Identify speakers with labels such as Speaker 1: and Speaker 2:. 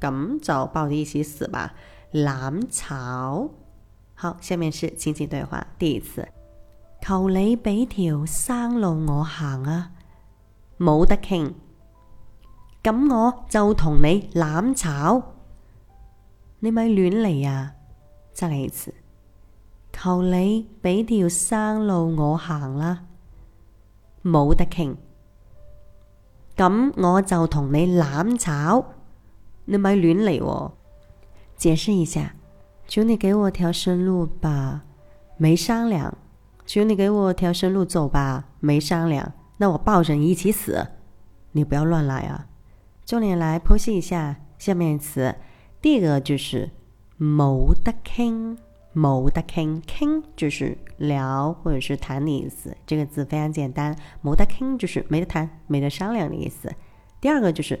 Speaker 1: 咁就抱着一起死吧！攬炒，好，下面是情景對話。第二次，求你俾條生路我行啊，冇得傾，咁我就同你攬炒，你咪亂嚟啊！再嚟一次，求你俾條生路我行啦，啊，冇得傾，咁我就同你攬炒。你咪亂嚟喔！解釋一下，求你給我條生路吧，沒商量！求你給我條生路走吧，沒商量！那我抱着你一起死，你不要亂來啊！重點來剖析一下下面詞：第一個就是“冇得傾”，“冇得傾”，“傾”就是聊或者是談的意思。這個字非常簡單，“冇得傾”就是沒得談、沒得商量的意思。第二個就是。